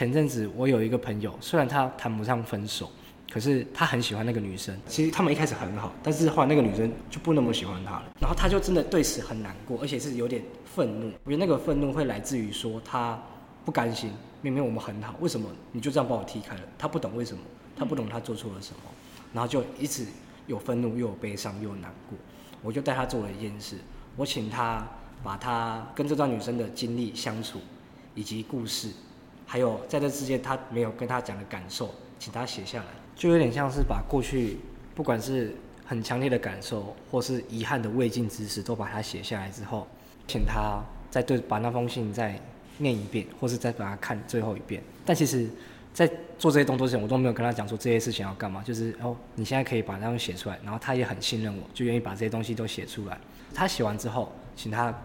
前陣子我有一個朋友，雖然他談不上分手，可是他很喜歡那個女生。其實他們一開始很好，但是後來那個女生就不那麼喜歡他了。嗯、然後他就真的對此很難過，而且是有點憤怒。我覺得那個憤怒會來自於說他不甘心，明明我們很好，為什麼你就這樣把我踢開了？他不懂為什麼，他不懂他做錯了什麼，嗯、然後就一直有憤怒，又有悲傷，又有難過。我就帶他做了一件事，我請他把他跟這段女生的經歷、相處以及故事，還有在這之間，他沒有跟他講的感受，請他寫下來，就有點像是把過去，不管是很強烈的感受，或是遺憾的未盡之事，都把它寫下來之後，請他再對把那封信再念一遍，或是再把它看最後一遍。但其實，在做這些動作之前，我都沒有跟他講說，這些事情要幹嘛，就是哦，你現在可以把那封寫出來，然後他也很信任我，就願意把這些東西都寫出來。他寫完之後，請他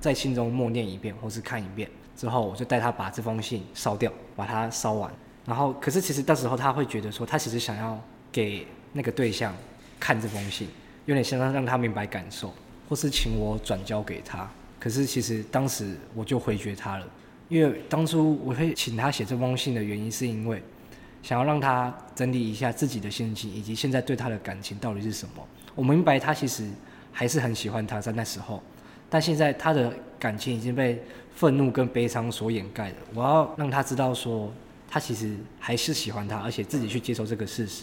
在心中默念一遍，或是看一遍。之後，我就帶他把這封信燒掉，把它燒完。然後，可是其實到時候他會覺得說，他其實想要給那個對象看這封信，有點想讓他明白感受，或是請我轉交給他。可是其實當時我就回絕他了，因為當初我會請他寫這封信的原因，是因為想要讓他整理一下自己的心情，以及現在對他的感情到底是什麼。我明白他其實還是很喜歡他在那時候。但現在他的感情已經被憤怒跟悲傷所掩蓋了。我要讓他知道，說他其實還是喜歡她，而且自己去接受這個事實，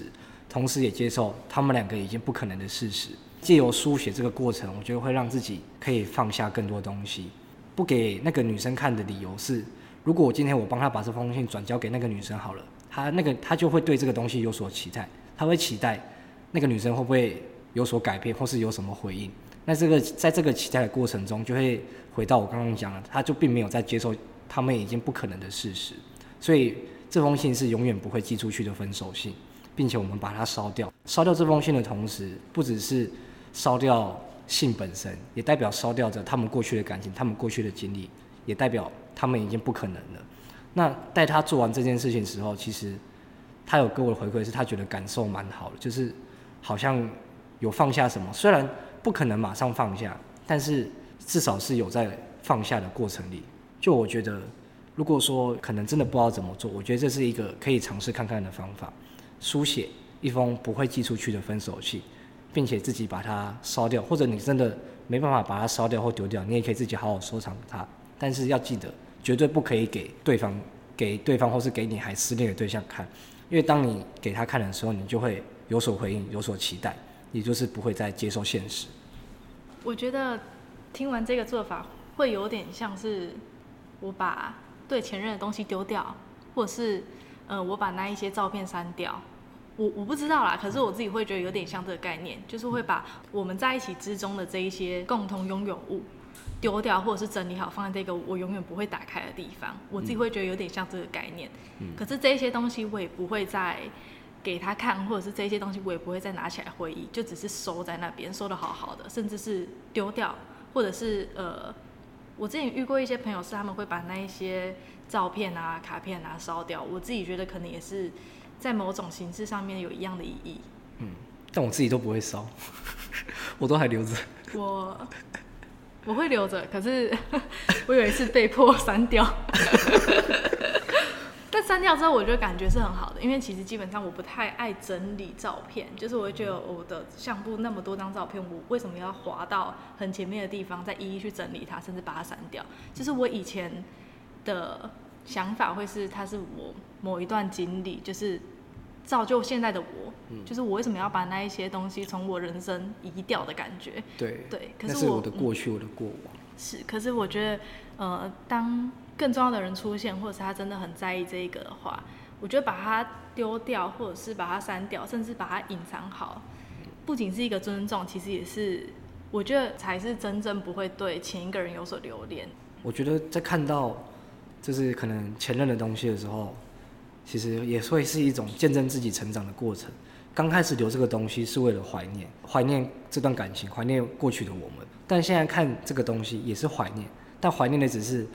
同時也接受他們兩個已經不可能的事實。借由書寫這個過程，我覺得會讓自己可以放下更多東西。不給那個女生看的理由是，如果我今天我幫他把這封信轉交給那個女生好了，他那個他就會對這個東西有所期待，他會期待那個女生會不會有所改變，或是有什麼回應。這個、在這個在這個期待的過程中，就會回到我剛剛講了，他就並沒有在接受他們已經不可能的事實，所以這封信是永遠不會寄出去的分手信，並且我們把它燒掉。燒掉這封信的同時，不只是燒掉信本身，也代表燒掉着他們過去的感情，他們過去的經歷，也代表他們已經不可能了。那待他做完這件事情的時候，其實他有給我的回饋是他覺得感受蠻好的，就是好像有放下什麼，雖然。不可能馬上放下，但是至少是有在放下的過程裡。就我覺得，如果說可能真的不知道怎麼做，我覺得這是一個可以嘗試看看的方法：書寫一封不會寄出去的分手信，並且自己把它燒掉，或者你真的沒辦法把它燒掉或丟掉，你也可以自己好好收藏它。但是要記得，絕對不可以給對方、給對方或是給你還失戀的對象看，因為當你給他看的時候，你就會有所回應、有所期待。也就是不會再接受現實。我覺得聽完這個做法，會有點像是我把對前任的東西丟掉，或者是呃，我把那一些照片刪掉。我我不知道啦，可是我自己會覺得有點像這個概念，就是會把我們在一起之中的這一些共同擁有物丟掉，或者是整理好放在這個我永遠不會打開的地方。我自己會覺得有點像這個概念。嗯。可是這些東西我也不會再給他看，或者是這些東西，我也不會再拿起來回憶，就只是收在那邊，收得好好的，甚至是丟掉，或者是呃，我之前遇過一些朋友是他們會把那一些照片啊、卡片啊燒掉，我自己覺得可能也是在某種形式上面有一樣的意義。嗯，但我自己都不會燒， 我都還留着。我我會留着，可是我有一次被迫刪掉。 刪掉之後，我覺得感覺是很好的，因為其實基本上我不太愛整理照片，就是我會覺得我的相簿那麼多張照片，我為什麼要滑到很前面的地方再一一去整理它，甚至把它刪掉？就是我以前的想法會是，它是我某一段經歷，就是造就現在的我，嗯、就是我為什麼要把那一些東西從我人生移掉的感覺？對對，可是我，是我的過去，我的過往、嗯、是，可是我覺得呃，當更重要的人出現，或者是他真的很在意這一個的話，我覺得把它丟掉，或者是把它刪掉，甚至把它隱藏好，不僅是一個尊重，其實也是我覺得才是真正不會對前一個人有所留戀。我覺得在看到就是可能前任的東西的時候，其實也會是一種見證自己成長的過程。剛開始留這個東西是為了懷念，懷念這段感情，懷念過去的我們。但現在看這個東西也是懷念，但懷念的只是。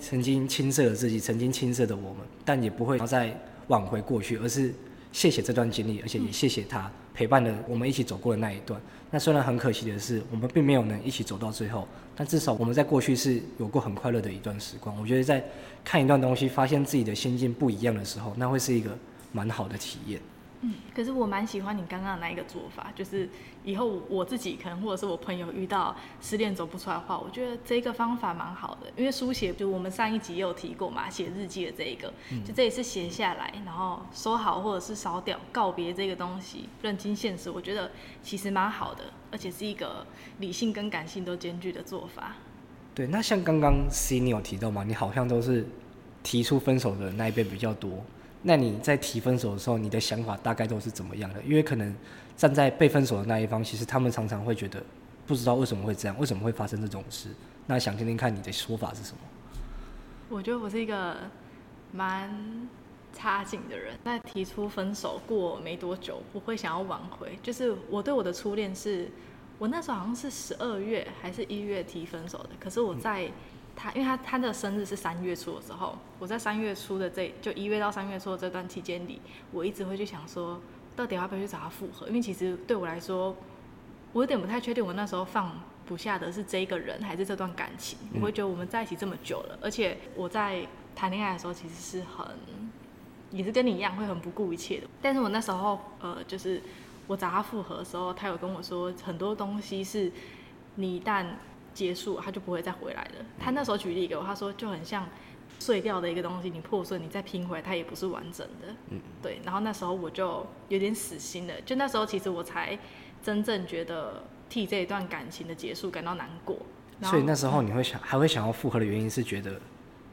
曾經青澀的自己，曾經青澀的我們，但也不會再挽回過去，而是謝謝這段經歷，而且也謝謝他陪伴了我們一起走過的那一段。那雖然很可惜的是，我們並沒有能一起走到最後，但至少我們在過去是有過很快樂的一段時光。我覺得在看一段東西，發現自己的心境不一樣的時候，那會是一個蠻好的體驗。嗯，可是我蠻喜歡你剛剛那一個做法，就是以後我，我自己可能或者是我朋友遇到失戀走不出來的話，我覺得這個方法蠻好的，因為書寫，就我們上一集也有提過嘛，寫日記的這一個，嗯，就這一次寫下來，然後收好或者是燒掉，告別這個東西，認清現實，我覺得其實蠻好的，而且是一個理性跟感性都兼具的做法。對，那像剛剛 C 你有提到嘛，你好像都是提出分手的那一邊比較多。那你在提分手的時候，你的想法大概都是怎麼樣的？因為可能站在被分手的那一方，其實他們常常會覺得，不知道為什麼會這樣，為什麼會發生這種事。那想聽聽看你的說法是什麼？我覺得我是一個蠻差勁的人。那提出分手過沒多久，我會想要挽回。就是我對我的初戀是，我那時候好像是十二月還是一月提分手的，可是我在。他，因為他他的生日是三月初的時候，我在三月初的這就一月到三月初的這段期間裡，我一直會去想說，到底要不要去找他復合？因為其實對我來說，我有點不太確定，我那時候放不下的是這個人還是這段感情。我會覺得我們在一起這麼久了，而且我在談戀愛的時候其實是很，也是跟你一樣會很不顧一切的。但是我那時候，呃，就是我找他復合的時候，他有跟我說很多東西是，你一旦。結束，他就不會再回來了。他那時候舉例給我，他說就很像碎掉的一個東西，你破碎，你再拼回來，它也不是完整的。嗯，對。然後那時候我就有點死心了。就那時候，其實我才真正覺得替這一段感情的結束感到難過。所以那時候你會想、嗯、還會想要復合的原因是覺得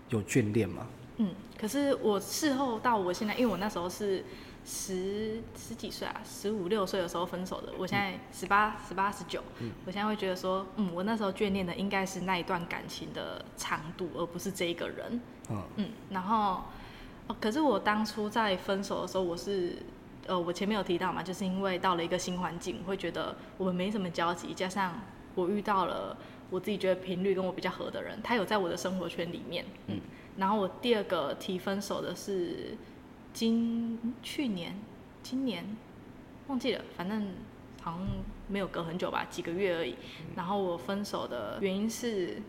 有眷戀嗎？嗯，可是我事後到我現在，因為我那時候是。十十幾歲啊，十五六歲的時候分手的。我現在十八、嗯、十八、嗯、十九，我現在會覺得說，嗯，我那時候眷戀的應該是那一段感情的長度，而不是這一個人。啊、嗯然後、哦，可是我當初在分手的時候，我是，呃，我前面有提到嘛，就是因為到了一個新環境，我會覺得我們沒什麼交集，加上我遇到了我自己覺得頻率跟我比較合的人，他有在我的生活圈裡面。嗯。嗯然後我第二個提分手的是。今去年、今年忘記了，反正好像沒有隔很久吧，幾個月而已。嗯、然後我分手的原因是，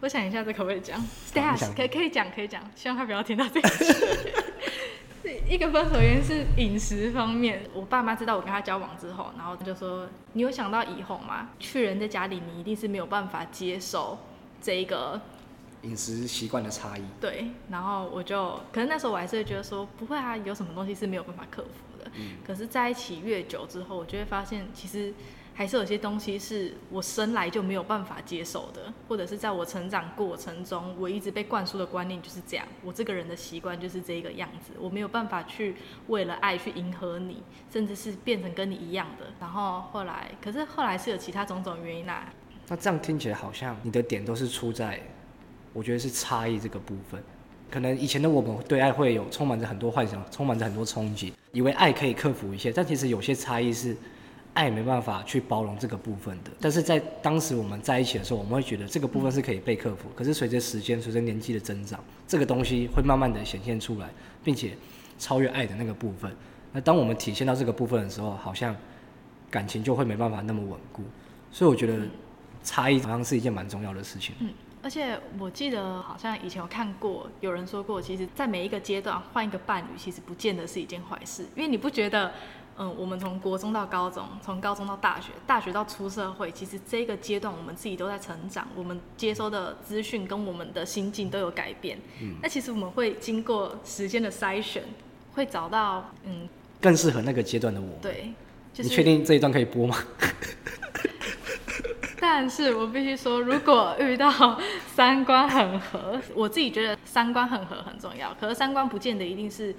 我想一下，這可不可以講？t h 可以講可以講，希望他不要聽到這個。 一個分手原因是飲食方面，我爸媽知道我跟他交往之後，然後他就說：“你有想到以後嗎？去人在家裡，你一定是沒有辦法接受這一個。”飲食習慣的差異。對，然後我就，可能那時候我還是會覺得說，不會啊，有什麼東西是沒有辦法克服的。嗯。可是在一起越久之後，我就會發現，其實還是有些東西是我生來就沒有辦法接受的，或者是在我成長過程中，我一直被灌輸的觀念就是這樣，我這個人的習慣就是這個樣子，我沒有辦法去為了愛去迎合你，甚至是變成跟你一樣的。然後後來，可是後來是有其他種種原因啦、啊。那這樣聽起來好像你的點都是出在。我覺得是差異這個部分，可能以前的我們對愛會有充滿着很多幻想，充滿着很多憧憬，以為愛可以克服一些，但其實有些差異是愛沒辦法去包容這個部分的。但是在當時我們在一起的時候，我們會覺得這個部分是可以被克服。嗯、可是隨着時間、隨着年紀的增長，這個東西會慢慢的顯現出來，並且超越愛的那個部分。那當我們體現到這個部分的時候，好像感情就會沒辦法那麼穩固。所以我覺得差異好像是一件蠻重要的事情。嗯而且我記得好像以前有看過，有人說過，其實，在每一個階段換一個伴侶，其實不見得是一件壞事，因為你不覺得，嗯，我們從國中到高中，從高中到大學，大學到出社會，其實這個階段我們自己都在成長，我們接收的資訊跟我們的心境都有改變。嗯。那其實我們會經過時間的篩選，會找到嗯更適合那個階段的我。對。就是，你確定這一段可以播嗎？ 但是我必須說，如果遇到三觀很合， 我自己覺得三觀很合很重要。可是三觀不見得一定是，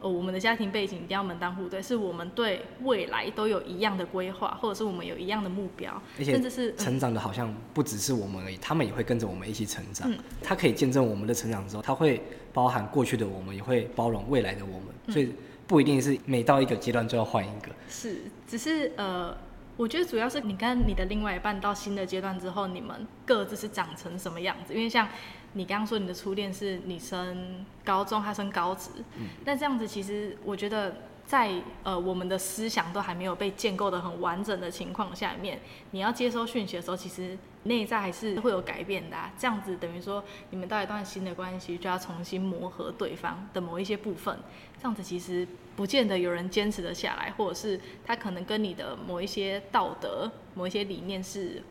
呃、哦，我們的家庭背景一定要門當戶對，是我們對未來都有一樣的規劃，或者是我們有一樣的目標，而且甚至是成長的，好像不只是我們而已，嗯、他們也會跟着我們一起成長。嗯、他可以見證我們的成長之後，他會包含過去的我們，也會包容未來的我們，嗯、所以不一定是每到一個階段就要換一個。是，只是呃。我覺得主要是你跟你的另外一半到新的階段之後，你們各自是長成什麼樣子？因為像你剛剛說，你的初戀是你升高中，他升高職，嗯、但這樣子其實我覺得。在呃，我們的思想都還沒有被建構的很完整的情況下面，面你要接收訊息的時候，其實內在還是會有改變的啊。這樣子等於說，你們到一段新的關係，就要重新磨合對方的某一些部分。這樣子其實不見得有人堅持得下來，或者是他可能跟你的某一些道德、某一些理念是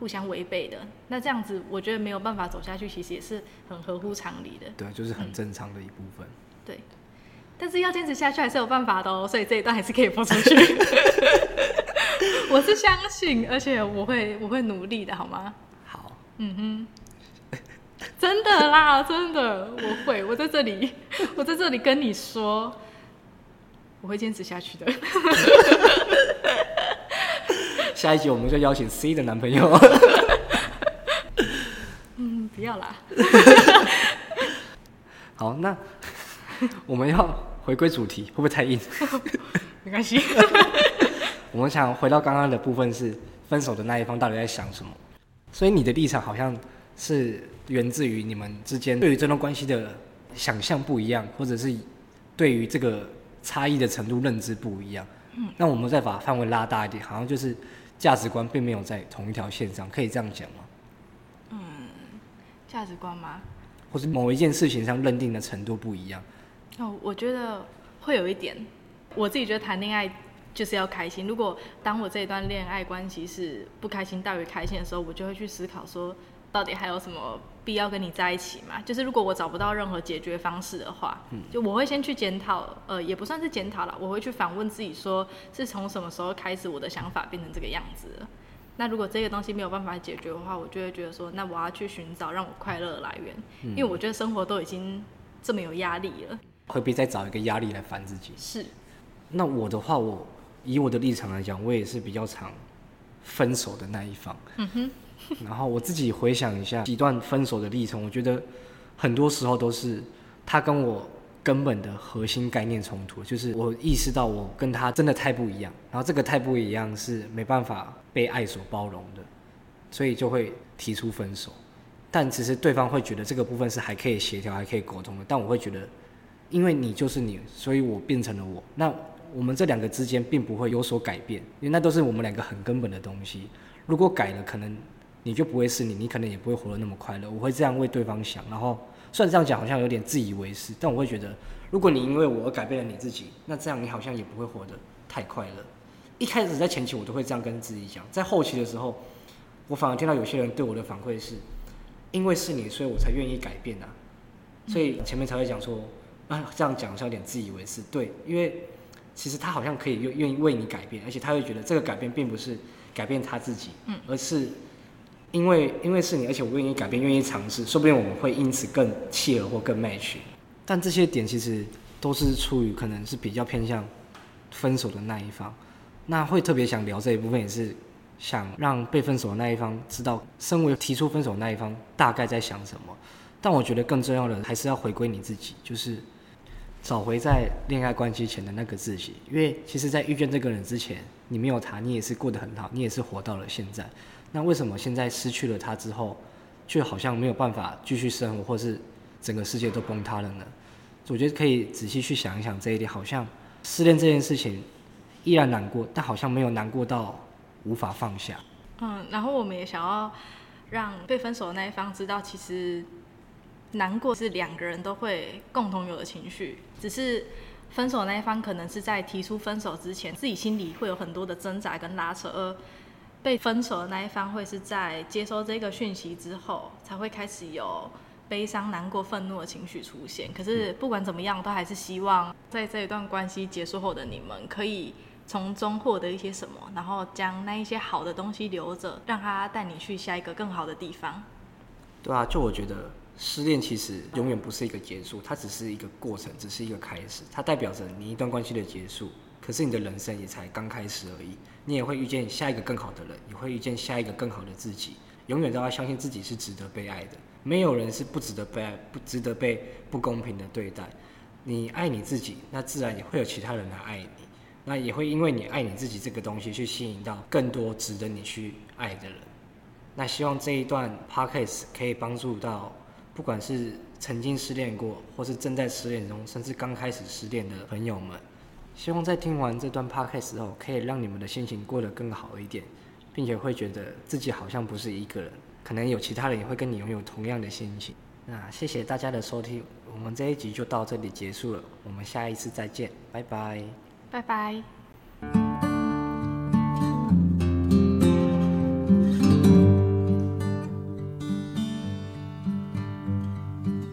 互相違背的。那這樣子，我覺得沒有辦法走下去，其實也是很合乎常理的。對，就是很正常的一部分。嗯，對。但是要堅持下去還是有辦法的哦，所以這一段還是可以播出去。 我是相信，而且我會我會努力的，好嗎？好，嗯哼，真的啦，真的，我會，我在這裡，我在這裡跟你說，我會堅持下去的。 下一集我們就邀請 C 的男朋友。 嗯，不要啦。 好，那。 我們要回歸主題，會不會太硬？ 沒關係係。 我們想回到剛剛的部分，是分手的那一方到底在想什麼？所以你的立場好像是源自於你們之間對於這段關係的想象不一樣，或者是對於這個差異的程度認知不一樣。嗯。那我們再把範圍拉大一點，好像就是價值觀並沒有在同一條線上，可以這樣講嗎？嗯，價值觀嗎？或是某一件事情上認定的程度不一樣。我覺得會有一點，我自己覺得談戀愛就是要開心。如果當我這一段戀愛關係是不開心大於開心的時候，我就會去思考說，到底還有什麼必要跟你在一起嘛？就是如果我找不到任何解決方式的話，嗯，就我會先去檢討，呃，也不算是檢討了，我會去反問自己，說是從什麼時候開始我的想法變成這個樣子？那如果這個東西沒有辦法解決的話，我就會覺得說，那我要去尋找讓我快樂的來源，因為我覺得生活都已經這麼有壓力了。何必再找一個壓力來煩自己？是。那我的話，我以我的立場來講，我也是比較常分手的那一方。嗯、哼 然後我自己回想一下幾段分手的歷程，我覺得很多時候都是他跟我根本的核心概念衝突，就是我意識到我跟他真的太不一樣，然後這個太不一樣是沒辦法被愛所包容的，所以就會提出分手。但其實對方會覺得這個部分是還可以協調，還可以溝通的，但我會覺得。因為你就是你，所以我變成了我。那我們這兩個之間並不會有所改變，因為那都是我們兩個很根本的東西。如果改了，可能你就不會是你，你可能也不會活得那麼快樂。我會這樣為對方想，然後雖然這樣講好像有點自以為是，但我會覺得，如果你因為我而改變了你自己，那這樣你好像也不會活得太快樂。一開始在前期我都會這樣跟自己講，在後期的時候，我反而聽到有些人對我的反饋是，因為是你，所以我才願意改變啊。嗯、所以前面才會講說。那、啊、這樣講是有點自以為是，對，因為其實他好像可以願願意為你改變，而且他會覺得這個改變並不是改變他自己，嗯，而是因為因為是你，而且我不願意改變，願意嘗試，說不定我們會因此更契合或更 match。但這些點其實都是出於可能是比較偏向分手的那一方，那會特別想聊這一部分，也是想讓被分手的那一方知道，身為提出分手的那一方大概在想什麼。但我覺得更重要的還是要回歸你自己，就是。找回在戀愛關係前的那個自己，因為其實，在遇見這個人之前，你沒有他，你也是過得很好，你也是活到了現在。那為什麼現在失去了他之後，却好像沒有辦法繼續生活，或是整個世界都崩塌了呢？我覺得可以仔細去想一想這一點，好像失戀這件事情依然難過，但好像沒有難過到無法放下。嗯，然後我們也想要讓被分手的那一方知道，其實。難過是兩個人都會共同有的情緒，只是分手的那一方可能是在提出分手之前，自己心裡會有很多的掙扎跟拉扯；而被分手的那一方會是在接收這個訊息之後，才會開始有悲傷、難過、憤怒的情緒出現。可是不管怎麼樣，都還是希望在這一段關係結束後的你們，可以從中獲得一些什麼，然後將那一些好的東西留着，讓他帶你去下一個更好的地方。對啊，就我覺得。失戀其實永遠不是一個結束，它只是一個過程，只是一個開始。它代表着你一段關係的結束，可是你的人生也才剛開始而已。你也會遇見下一個更好的人，你會遇見下一個更好的自己。永遠都要相信自己是值得被愛的，沒有人是不值得被愛、不值得被不公平的對待。你愛你自己，那自然也會有其他人來愛你，那也會因為你愛你自己這個東西去吸引到更多值得你去愛的人。那希望這一段 podcast 可以幫助到。不管是曾經失戀過，或是正在失戀中，甚至剛開始失戀的朋友們，希望在聽完這段 podcast 時候可以讓你們的心情過得更好一點，並且會覺得自己好像不是一個人，可能有其他人也會跟你擁有同樣的心情。那謝謝大家的收聽，我們這一集就到這裡結束了，我們下一次再見，拜拜，拜拜。